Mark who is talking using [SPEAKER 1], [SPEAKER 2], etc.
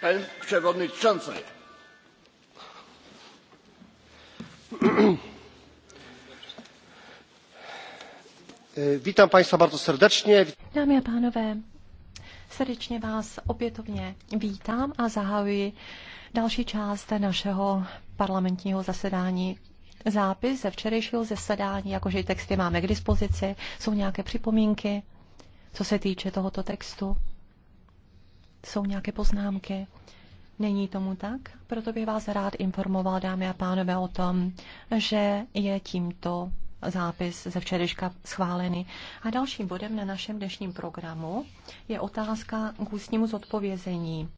[SPEAKER 1] Pani
[SPEAKER 2] przewodnicząca! Vítám Państwa bardzo serdecznie.
[SPEAKER 3] Dámy a pánové, srdečně vás opětovně vítám a zahajuji další část našeho parlamentního zasedání. Zápis ze včerejšího zasedání, jakože texty máme k dispozici, jsou nějaké připomínky, co se týče tohoto textu jsou nějaké poznámky? Není tomu tak, proto bych vás rád informoval, dámy a pánové, o tom, že je tímto zápis ze včerejška schválený. A dalším bodem na našem dnešním programu je otázka k ústnímu zodpovězení.